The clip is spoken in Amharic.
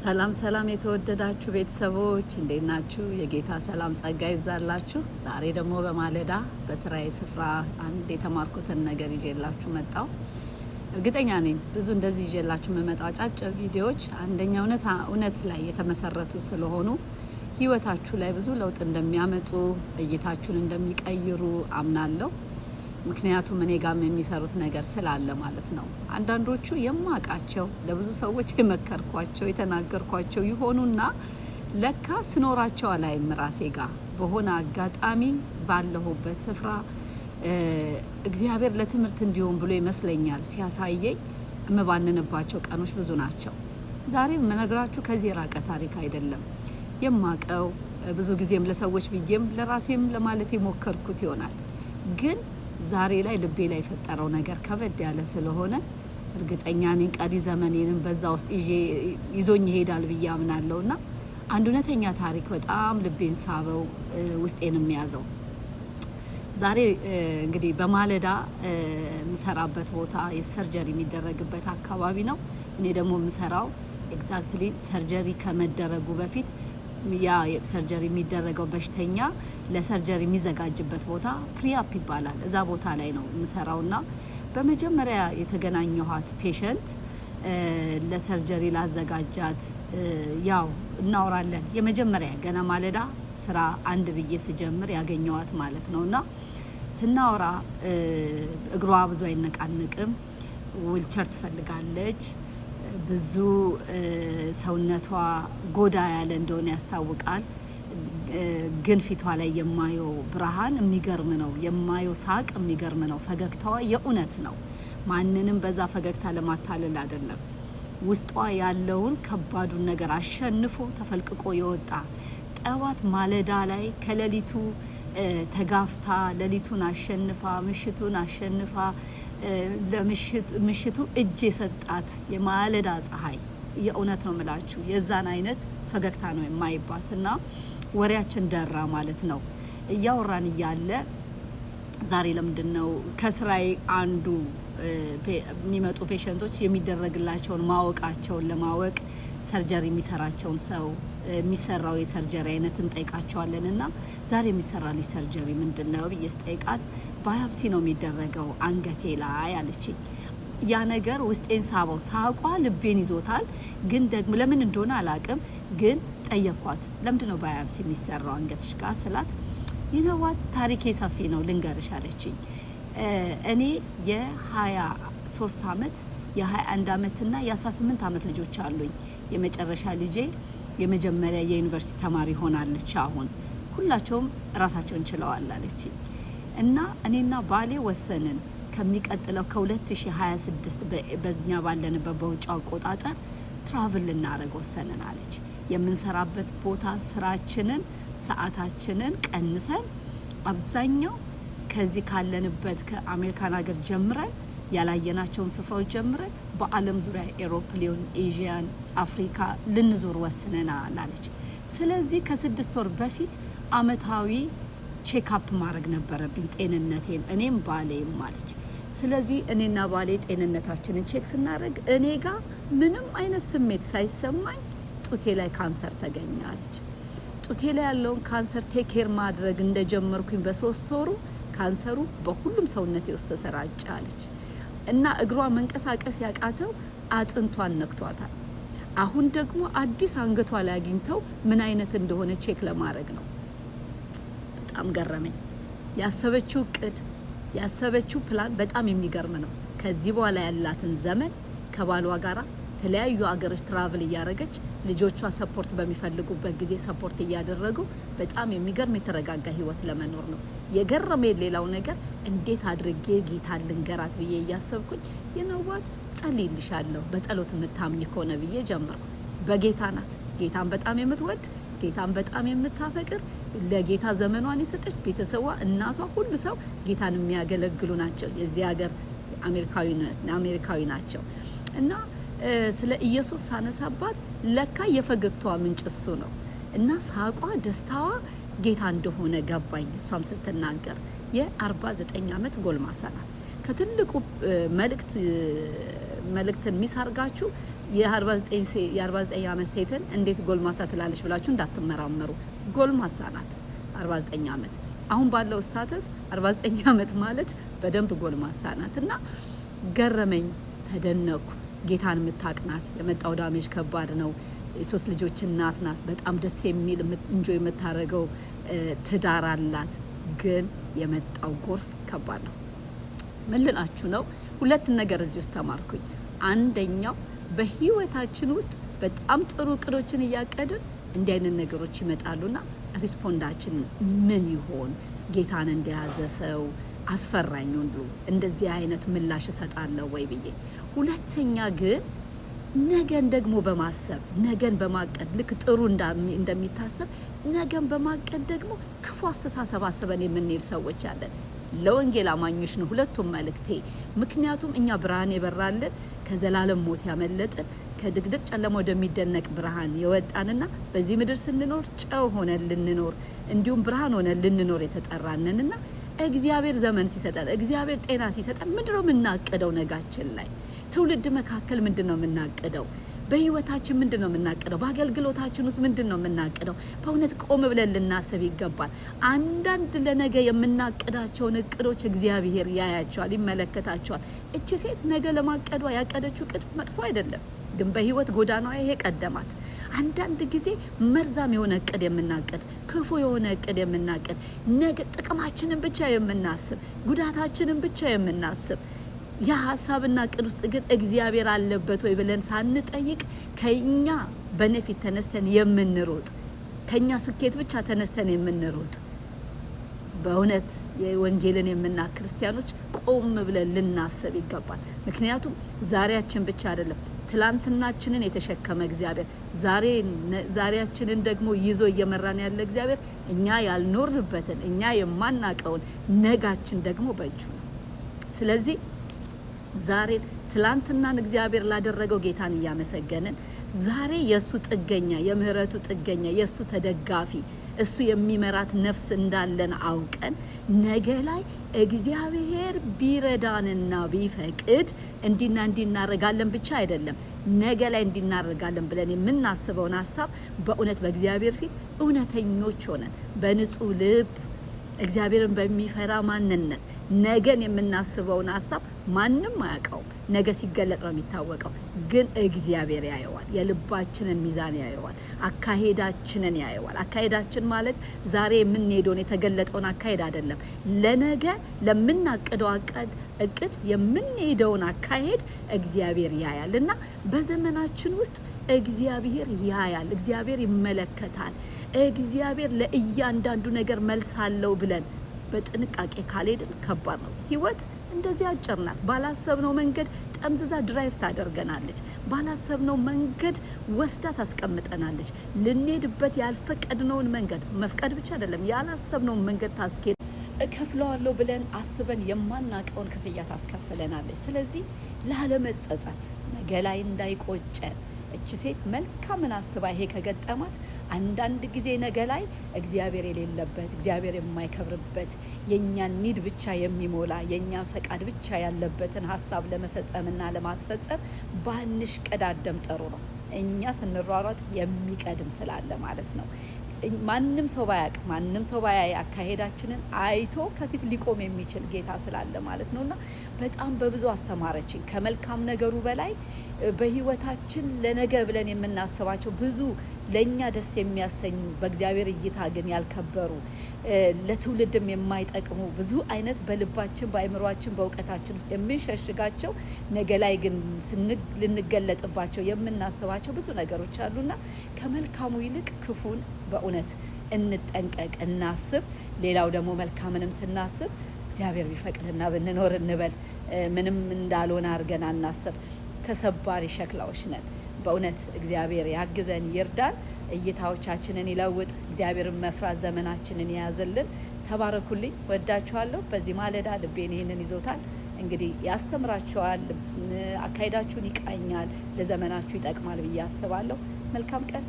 ሰላም ሰላም የተወደዳችሁ ቤተሰቦች እንዴት ናችሁ? የጌታ ሰላም ጸጋ ይብዛላችሁ። ዛሬ ደግሞ በማለዳ በስራዬ ስፍራ አንድ የተማርኩትን ነገር ይዤላችሁ መጣው። እርግጠኛ ነኝ ብዙ እንደዚህ ይዤላችሁ የምመጣው አጫጭር ቪዲዮዎች አንደኛ እውነት እውነት ላይ የተመሰረቱ ስለሆኑ ህይወታችሁ ላይ ብዙ ለውጥ እንደሚያመጡ እይታችሁን እንደሚቀይሩ አምናለሁ። ምክንያቱም እኔ ጋም የሚሰሩት ነገር ስላለ ማለት ነው። አንዳንዶቹ የማውቃቸው ለብዙ ሰዎች የመከርኳቸው የተናገርኳቸው ይሆኑና ለካ ስኖራቸው አላይም ራሴ ጋር በሆነ አጋጣሚ ባለሁበት ስፍራ እግዚአብሔር ለትምህርት እንዲሆን ብሎ ይመስለኛል ሲያሳየኝ እምባንንባቸው ቀኖች ብዙ ናቸው። ዛሬ የምነግራችሁ ከዚህ የራቀ ታሪክ አይደለም። የማቀው ብዙ ጊዜም ለሰዎች ብዬም ለራሴም ለማለት የሞከርኩት ይሆናል ግን ዛሬ ላይ ልቤ ላይ የፈጠረው ነገር ከበድ ያለ ስለሆነ እርግጠኛ ነኝ ቀሪ ዘመኔንም በዛ ውስጥ ይዞኝ ይሄዳል ብዬ አምናለሁ እና አንድ እውነተኛ ታሪክ በጣም ልቤን ሳበው፣ ውስጤንም ያዘው። ዛሬ እንግዲህ በማለዳ የምሰራበት ቦታ የሰርጀሪ የሚደረግበት አካባቢ ነው። እኔ ደግሞ የምሰራው ኤግዛክትሊ ሰርጀሪ ከመደረጉ በፊት ያ ሰርጀሪ የሚደረገው በሽተኛ ለሰርጀሪ የሚዘጋጅበት ቦታ ፕሪያፕ ይባላል። እዛ ቦታ ላይ ነው ና በመጀመሪያ የተገናኘኋት ፔሸንት ለሰርጀሪ ላዘጋጃት ያው እናወራለን። የመጀመሪያ ገና ማለዳ ስራ አንድ ብዬ ስጀምር ያገኘዋት ማለት ነው እና ስናወራ እግሯ ብዙ አይነቃንቅም። ዊልቸር ትፈልጋለች ብዙ ሰውነቷ ጎዳ ያለ እንደሆነ ያስታውቃል። ግን ፊቷ ላይ የማየው ብርሃን የሚገርም ነው። የማየው ሳቅ የሚገርም ነው። ፈገግታዋ የእውነት ነው። ማንንም በዛ ፈገግታ ለማታለል አይደለም። ውስጧ ያለውን ከባዱን ነገር አሸንፎ ተፈልቅቆ የወጣ ጠዋት ማለዳ ላይ ከሌሊቱ ተጋፍታ ሌሊቱን አሸንፋ ምሽቱን አሸንፋ ለምሽቱ እጅ የሰጣት የማለዳ ፀሐይ የእውነት ነው የምላችሁ የዛን አይነት ፈገግታ ነው የማይባት እና ወሬያችን ደራ ማለት ነው። እያወራን እያለ ዛሬ ለምንድን ነው ከስራዬ አንዱ የሚመጡ ፔሸንቶች የሚደረግላቸውን ማወቃቸውን ለማወቅ ሰርጀሪ የሚሰራቸውን ሰው የሚሰራው የሰርጀሪ አይነት እንጠይቃቸዋለን እና ዛሬ የሚሰራልሽ ሰርጀሪ ምንድን ነው ብዬ ስጠይቃት ባዮፕሲ ነው የሚደረገው አንገቴ ላይ አለችኝ። ያ ነገር ውስጤን ሳበው። ሳቋ ልቤን ይዞታል። ግን ደግሞ ለምን እንደሆነ አላቅም። ግን ጠየኳት፣ ለምንድን ነው ባዮፕሲ የሚሰራው አንገትሽ ጋር ስላት ይነዋት ታሪኬ ሰፊ ነው ልንገርሽ አለችኝ። እኔ የ23 ዓመት የ21 ዓመትና የ18 ዓመት ልጆች አሉኝ። የመጨረሻ ልጄ የመጀመሪያ የዩኒቨርሲቲ ተማሪ ሆናለች። አሁን ሁላቸውም ራሳቸውን ችለዋል አለች እና እኔና ባሌ ወሰንን ከሚቀጥለው ከ2026 በኛ ባለንበት በውጭ አቆጣጠር ትራቭል ልናደርግ ወሰንን አለች። የምንሰራበት ቦታ ስራችንን፣ ሰዓታችንን ቀንሰን አብዛኛው ከዚህ ካለንበት ከአሜሪካን ሀገር ጀምረን ያላየናቸውን ስፍራዎች ጀምረን በዓለም ዙሪያ ኤሮፕ ሊሆን ኤዥያን፣ አፍሪካ ልንዞር ወስነናል አለች። ስለዚህ ከስድስት ወር በፊት አመታዊ ቼክአፕ ማድረግ ነበረብኝ ጤንነቴን፣ እኔም ባሌም አለች። ስለዚህ እኔና ባሌ ጤንነታችንን ቼክ ስናደርግ እኔ ጋ ምንም አይነት ስሜት ሳይሰማኝ ጡቴ ላይ ካንሰር ተገኘ አለች። ጡቴ ላይ ያለውን ካንሰር ቴክ ኬር ማድረግ እንደጀመርኩኝ በሶስት ወሩ ካንሰሩ በሁሉም ሰውነቴ ውስጥ ተሰራጨ አለች እና እግሯ መንቀሳቀስ ያቃተው አጥንቷን ነክቷታል። አሁን ደግሞ አዲስ አንገቷ ላይ አግኝተው ምን አይነት እንደሆነ ቼክ ለማድረግ ነው። በጣም ገረመኝ። ያሰበችው እቅድ ያሰበችው ፕላን በጣም የሚገርም ነው። ከዚህ በኋላ ያላትን ዘመን ከባሏ ጋራ የተለያዩ ሀገሮች ትራቭል እያደረገች ልጆቿ ሰፖርት በሚፈልጉበት ጊዜ ሰፖርት እያደረጉ በጣም የሚገርም የተረጋጋ ህይወት ለመኖር ነው። የገረመ ሌላው ነገር እንዴት አድርጌ ጌታ ልንገራት ብዬ እያሰብኩኝ የነዋት ጸልይልሻለሁ በጸሎት የምታምኝ ከሆነ ብዬ ጀመርኩ። በጌታ ናት። ጌታን በጣም የምትወድ ጌታን በጣም የምታፈቅር ለጌታ ዘመኗን የሰጠች ቤተሰቧ፣ እናቷ፣ ሁሉ ሰው ጌታን የሚያገለግሉ ናቸው። የዚህ ሀገር አሜሪካዊ ናቸው እና ስለ ኢየሱስ ሳነሳባት ለካ የፈገግታዋ ምንጭ እሱ ነው እና ሳቋ፣ ደስታዋ ጌታ እንደሆነ ገባኝ። እሷም ስትናገር የ49 ዓመት ጎልማሳ ናት። ከትልቁ መልእክት መልእክትን ሚስ የ49 ዓመት ሴትን እንዴት ጎልማሳ ትላለች ብላችሁ እንዳትመራመሩ። ጎልማሳ ናት 49 ዓመት። አሁን ባለው ስታተስ 49 ዓመት ማለት በደንብ ጎልማሳ ናት እና ገረመኝ፣ ተደነኩ። ጌታን የምታቅናት የመጣው ዳሜጅ ከባድ ነው። የሶስት ልጆች እናት ናት። በጣም ደስ የሚል እንጆ የምታደርገው ትዳር አላት። ግን የመጣው ጎርፍ ከባድ ነው። ምን ልላችሁ ነው? ሁለት ነገር እዚህ ውስጥ ተማርኩኝ። አንደኛው በህይወታችን ውስጥ በጣም ጥሩ እቅዶችን እያቀድን እንዲህ አይነት ነገሮች ይመጣሉና ሪስፖንዳችን ምን ይሆን? ጌታን እንደያዘ ሰው አስፈራኝ ሁሉ እንደዚህ አይነት ምላሽ እሰጣለሁ ወይ ብዬ ሁለተኛ ግን ነገን ደግሞ በማሰብ ነገን በማቀድ ልክ ጥሩ እንደሚታሰብ ነገን በማቀድ ደግሞ ክፉ አስተሳሰብ አስበን የምንሄድ ሰዎች አለን። ለወንጌል አማኞች ነው ሁለቱም መልእክቴ። ምክንያቱም እኛ ብርሃን የበራልን ከዘላለም ሞት ያመለጥን ከድቅድቅ ጨለማ ወደሚደነቅ ብርሃን የወጣንና በዚህ ምድር ስንኖር ጨው ሆነን ልንኖር እንዲሁም ብርሃን ሆነን ልንኖር የተጠራንንና እግዚአብሔር ዘመን ሲሰጠን እግዚአብሔር ጤና ሲሰጠን ምንድነው የምናቅደው ነጋችን ላይ በትውልድ መካከል ምንድን ነው የምናቅደው? በህይወታችን ምንድን ነው የምናቅደው? በአገልግሎታችን ውስጥ ምንድን ነው የምናቅደው? በእውነት ቆም ብለን ልናስብ ይገባል። አንዳንድ ለነገ የምናቅዳቸውን እቅዶች እግዚአብሔር ያያቸዋል፣ ይመለከታቸዋል። እች ሴት ነገ ለማቀዷ ያቀደችው እቅድ መጥፎ አይደለም፣ ግን በህይወት ጎዳናዋ ይሄ ቀደማት። አንዳንድ ጊዜ መርዛም የሆነ እቅድ የምናቅድ፣ ክፉ የሆነ እቅድ የምናቅድ፣ ነገ ጥቅማችንን ብቻ የምናስብ፣ ጉዳታችንን ብቻ የምናስብ የሀሳብና ቅድ ውስጥ ግን እግዚአብሔር አለበት ወይ ብለን ሳንጠይቅ ከኛ በነፊት ተነስተን የምንሮጥ ከኛ ስኬት ብቻ ተነስተን የምንሮጥ በእውነት ወንጌልን የምና ክርስቲያኖች ቆም ብለን ልናስብ ይገባል። ምክንያቱም ዛሬያችን ብቻ አይደለም ትላንትናችንን የተሸከመ እግዚአብሔር ዛሬያችንን ደግሞ ይዞ እየመራን ያለ እግዚአብሔር እኛ ያልኖርንበትን እኛ የማናቀውን ነጋችን ደግሞ በእጁ ነው። ስለዚህ ዛሬን ትላንትናን እግዚአብሔር ላደረገው ጌታን እያመሰገንን ዛሬ የእሱ ጥገኛ የምህረቱ ጥገኛ የእሱ ተደጋፊ እሱ የሚመራት ነፍስ እንዳለን አውቀን ነገ ላይ እግዚአብሔር ቢረዳንና ቢፈቅድ እንዲና እንዲናረጋለን ብቻ አይደለም፣ ነገ ላይ እንዲናረጋለን ብለን የምናስበውን ሀሳብ በእውነት በእግዚአብሔር ፊት እውነተኞች ሆነን በንጹህ ልብ እግዚአብሔርን በሚፈራ ማንነት ነገን የምናስበውን ሀሳብ ማንም አያውቀውም። ነገ ሲገለጥ ነው የሚታወቀው። ግን እግዚአብሔር ያየዋል። የልባችንን ሚዛን ያየዋል። አካሄዳችንን ያየዋል። አካሄዳችን ማለት ዛሬ የምንሄደውን የተገለጠውን አካሄድ አይደለም። ለነገ ለምናቅደው እቅድ የምንሄደውን አካሄድ እግዚአብሔር ያያል እና በዘመናችን ውስጥ እግዚአብሔር ያያል። እግዚአብሔር ይመለከታል። እግዚአብሔር ለእያንዳንዱ ነገር መልስ አለው ብለን በጥንቃቄ ካልሄድን ከባድ ነው። ህይወት እንደዚህ አጭር ናት። ባላሰብነው መንገድ ጠምዝዛ ድራይቭ ታደርገናለች። ባላሰብነው መንገድ ወስዳ ታስቀምጠናለች። ልንሄድበት ያልፈቀድነውን መንገድ መፍቀድ ብቻ አይደለም፣ ያላሰብነውን መንገድ ታስኬድ እከፍለዋለሁ ብለን አስበን የማናቀውን ክፍያ ታስከፍለናለች። ስለዚህ ላለመጸጸት ነገ ላይ እንዳይቆጨን እች ሴት መልካምን አስባ ይሄ ከገጠማት አንዳንድ ጊዜ ነገ ላይ እግዚአብሔር የሌለበት እግዚአብሔር የማይከብርበት የእኛን ኒድ ብቻ የሚሞላ የእኛን ፈቃድ ብቻ ያለበትን ሀሳብ ለመፈጸምና ለማስፈጸም ባንሽ ቀዳደም ጥሩ ነው። እኛ ስንሯሯጥ የሚቀድም ስላለ ማለት ነው። ማንም ሰው ባያቅ ማንም ሰው ባያይ አካሄዳችንን አይቶ ከፊት ሊቆም የሚችል ጌታ ስላለ ማለት ነው። እና በጣም በብዙ አስተማረችኝ። ከመልካም ነገሩ በላይ በህይወታችን ለነገ ብለን የምናስባቸው ብዙ ለእኛ ደስ የሚያሰኙ በእግዚአብሔር እይታ ግን ያልከበሩ ለትውልድም የማይጠቅሙ ብዙ አይነት በልባችን በአይምሯችን በእውቀታችን ውስጥ የምንሸሽጋቸው ነገ ላይ ግን ልንገለጥባቸው የምናስባቸው ብዙ ነገሮች አሉና ከመልካሙ ይልቅ ክፉን በእውነት እንጠንቀቅ፣ እናስብ። ሌላው ደግሞ መልካምንም ስናስብ እግዚአብሔር ቢፈቅድና ብንኖር እንበል። ምንም እንዳልሆነ አድርገን አናስብ። ተሰባሪ ሸክላዎች ነን። በእውነት እግዚአብሔር ያግዘን ይርዳን፣ እይታዎቻችንን ይለውጥ፣ እግዚአብሔርን መፍራት ዘመናችንን የያዝልን። ተባረኩልኝ፣ ወዳችኋለሁ። በዚህ ማለዳ ልቤን ይህንን ይዞታል። እንግዲህ ያስተምራችኋል፣ አካሄዳችሁን ይቃኛል፣ ለዘመናችሁ ይጠቅማል ብዬ አስባለሁ። መልካም ቀን